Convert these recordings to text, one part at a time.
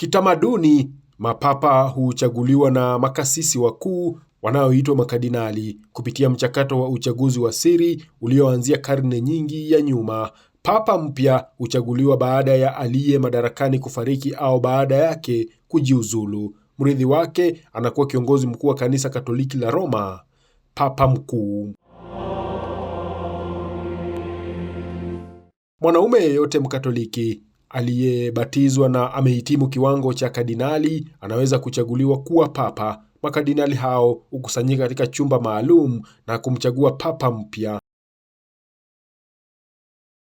Kitamaduni, mapapa huchaguliwa na makasisi wakuu wanaoitwa makadinali kupitia mchakato wa uchaguzi wa siri ulioanzia karne nyingi ya nyuma. Papa mpya huchaguliwa baada ya aliye madarakani kufariki au baada yake kujiuzulu. Mrithi wake anakuwa kiongozi mkuu wa kanisa Katoliki la Roma, Papa Mkuu. Mwanaume yeyote Mkatoliki aliyebatizwa na amehitimu kiwango cha kardinali anaweza kuchaguliwa kuwa papa. Makardinali hao hukusanyika katika chumba maalum na kumchagua papa mpya.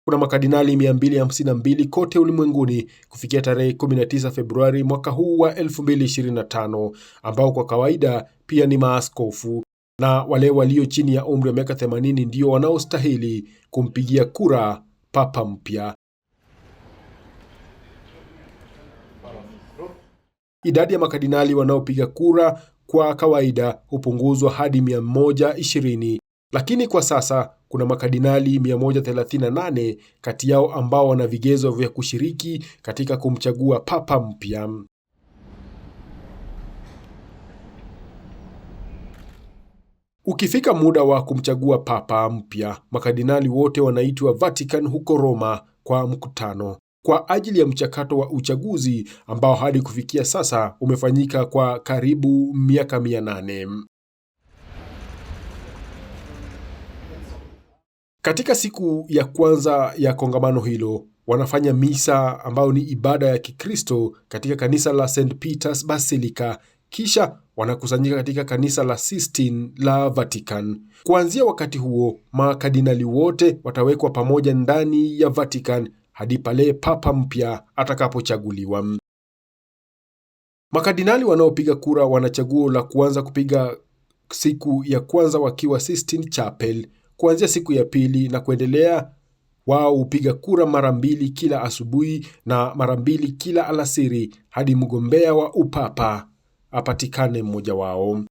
Kuna makardinali 252 kote ulimwenguni kufikia tarehe 19 Februari mwaka huu wa 2025 ambao kwa kawaida pia ni maaskofu na wale walio chini ya umri wa miaka 80 ndio wanaostahili kumpigia kura papa mpya. Idadi ya makadinali wanaopiga kura kwa kawaida hupunguzwa hadi 120, lakini kwa sasa kuna makadinali 138 kati yao ambao wana vigezo vya kushiriki katika kumchagua papa mpya. Ukifika muda wa kumchagua papa mpya, makadinali wote wanaitwa Vatican huko Roma kwa mkutano kwa ajili ya mchakato wa uchaguzi ambao hadi kufikia sasa umefanyika kwa karibu miaka mia nane. Katika siku ya kwanza ya kongamano hilo wanafanya misa ambayo ni ibada ya Kikristo katika kanisa la St Peters Basilica, kisha wanakusanyika katika kanisa la Sistine la Vatican. Kuanzia wakati huo makadinali wote watawekwa pamoja ndani ya Vatican hadi pale papa mpya atakapochaguliwa. Makardinali wanaopiga kura wana chaguo la kuanza kupiga siku ya kwanza wakiwa Sistine Chapel, kuanzia siku ya pili na kuendelea. Wao hupiga kura mara mbili kila asubuhi na mara mbili kila alasiri hadi mgombea wa upapa apatikane mmoja wao.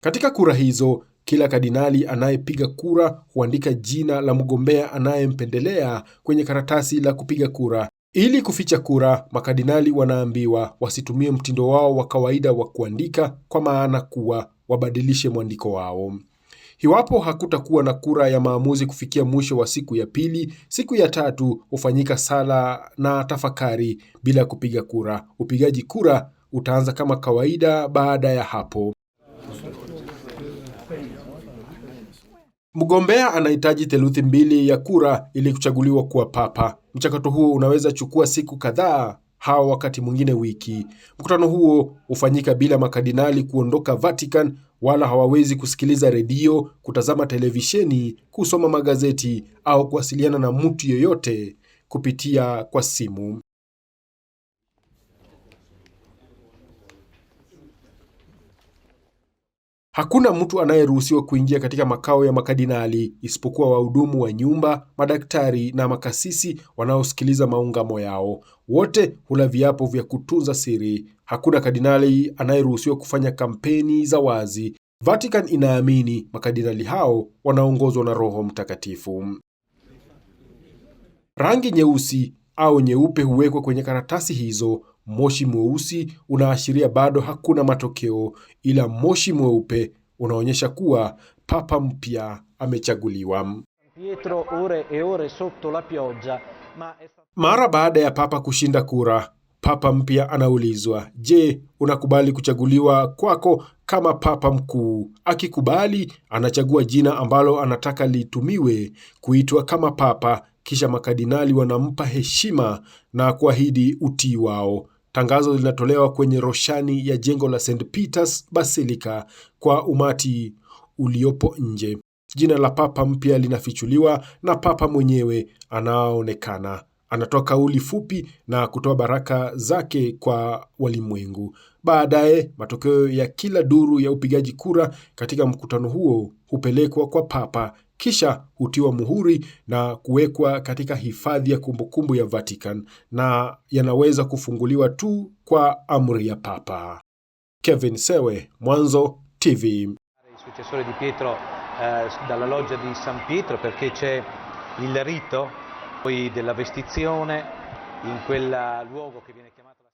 Katika kura hizo kila kardinali anayepiga kura huandika jina la mgombea anayempendelea kwenye karatasi la kupiga kura. Ili kuficha kura, makardinali wanaambiwa wasitumie mtindo wao wa kawaida wa kuandika, kwa maana kuwa wabadilishe mwandiko wao. Iwapo hakutakuwa na kura ya maamuzi kufikia mwisho wa siku ya pili, siku ya tatu hufanyika sala na tafakari bila kupiga kura. Upigaji kura utaanza kama kawaida baada ya hapo. Mgombea anahitaji theluthi mbili ya kura ili kuchaguliwa kuwa papa. Mchakato huo unaweza chukua siku kadhaa hao wakati mwingine wiki. Mkutano huo hufanyika bila makardinali kuondoka Vatican, wala hawawezi kusikiliza redio, kutazama televisheni, kusoma magazeti au kuwasiliana na mtu yeyote kupitia kwa simu. Hakuna mtu anayeruhusiwa kuingia katika makao ya makadinali isipokuwa wahudumu wa nyumba, madaktari na makasisi wanaosikiliza maungamo yao. Wote hula viapo vya kutunza siri. Hakuna kadinali anayeruhusiwa kufanya kampeni za wazi. Vatican inaamini makadinali hao wanaongozwa na Roho Mtakatifu. Rangi nyeusi au nyeupe huwekwa kwenye karatasi hizo Moshi mweusi unaashiria bado hakuna matokeo, ila moshi mweupe unaonyesha kuwa papa mpya amechaguliwa. Pietro ore e ore sotto la pioggia ma Mara baada ya papa kushinda kura, papa mpya anaulizwa, je, unakubali kuchaguliwa kwako kama papa mkuu? Akikubali, anachagua jina ambalo anataka litumiwe kuitwa kama papa kisha makadinali wanampa heshima na kuahidi utii wao. Tangazo linatolewa kwenye roshani ya jengo la St Peters Basilica kwa umati uliopo nje. Jina la papa mpya linafichuliwa na papa mwenyewe anaonekana. Anatoa kauli fupi na kutoa baraka zake kwa walimwengu. Baadaye, matokeo ya kila duru ya upigaji kura katika mkutano huo hupelekwa kwa papa kisha hutiwa muhuri na kuwekwa katika hifadhi ya kumbukumbu ya Vatican na yanaweza kufunguliwa tu kwa amri ya Papa. Kevin Sewe, Mwanzo TV. Successore di Pietro eh, dalla loggia di San Pietro perché c'è il rito poi della vestizione in quel luogo che viene chiamato